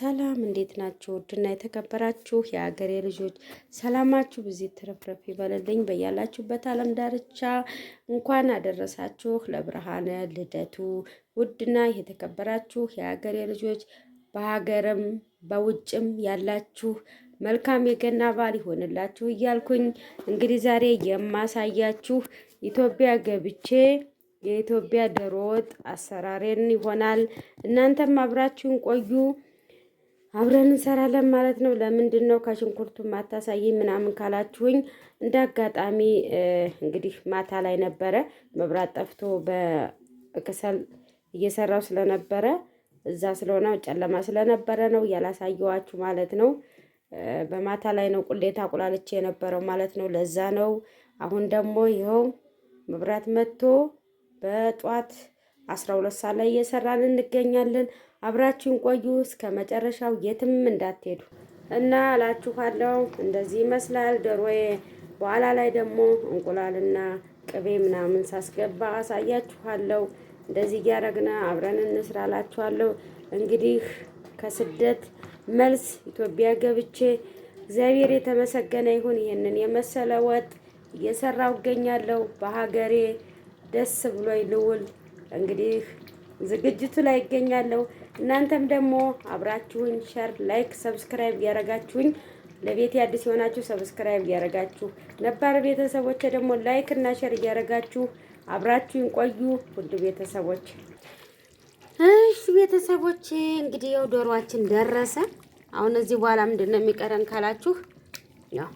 ሰላም እንዴት ናችሁ? ውድና የተከበራችሁ የአገሬ ልጆች ሰላማችሁ ብዙ ትረፍረፍ ይበልልኝ። በያላችሁበት ዓለም ዳርቻ እንኳን አደረሳችሁ ለብርሃነ ልደቱ። ውድና የተከበራችሁ የአገሬ ልጆች በሀገርም በውጭም ያላችሁ መልካም የገና በዓል ይሆንላችሁ እያልኩኝ እንግዲህ ዛሬ የማሳያችሁ ኢትዮጵያ ገብቼ የኢትዮጵያ ዶሮ ወጥ አሰራሬን ይሆናል። እናንተም አብራችሁን ቆዩ። አብረን እንሰራለን ማለት ነው። ለምንድን ነው ከሽንኩርቱ ማታሳይ ምናምን ካላችሁኝ እንደ አጋጣሚ እንግዲህ ማታ ላይ ነበረ መብራት ጠፍቶ በክሰል እየሰራው ስለነበረ እዛ ስለሆነ ጨለማ ስለነበረ ነው ያላሳየዋችሁ ማለት ነው። በማታ ላይ ነው ቁሌት አቁላልቼ የነበረው ማለት ነው። ለዛ ነው። አሁን ደግሞ ይኸው መብራት መጥቶ በጧት አስራ ሁለት ሰዓት ላይ እየሰራን እንገኛለን። አብራችሁን ቆዩ እስከ መጨረሻው የትም እንዳትሄዱ እና እላችኋለሁ። እንደዚህ ይመስላል ዶሮዬ። በኋላ ላይ ደግሞ እንቁላልና ቅቤ ምናምን ሳስገባ አሳያችኋለሁ። እንደዚህ እያደረግን አብረን እንስራ እላችኋለሁ። እንግዲህ ከስደት መልስ ኢትዮጵያ ገብቼ እግዚአብሔር የተመሰገነ ይሁን ይህንን የመሰለ ወጥ እየሰራው እገኛለሁ። በሀገሬ ደስ ብሎኝ ልውል እንግዲህ ዝግጅቱ ላይ ይገኛለሁ። እናንተም ደግሞ አብራችሁኝ ሸር፣ ላይክ፣ ሰብስክራይብ እያደረጋችሁኝ ለቤት አዲስ የሆናችሁ ሰብስክራይብ እያደረጋችሁ ነባር ቤተሰቦች ደግሞ ላይክ እና ሸር እያደረጋችሁ አብራችሁኝ ቆዩ። ውድ ቤተሰቦች እሺ ቤተሰቦች እንግዲህ ያው ዶሮዋችን ደረሰ። አሁን እዚህ በኋላ ምንድን ነው የሚቀረን ካላችሁ ያው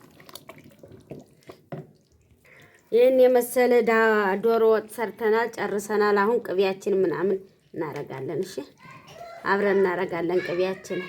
ይህን የመሰለ ዶሮ ወጥ ሰርተናል፣ ጨርሰናል። አሁን ቅቤያችን ምናምን እናረጋለን። እሺ አብረን እናረጋለን ቅቤያችን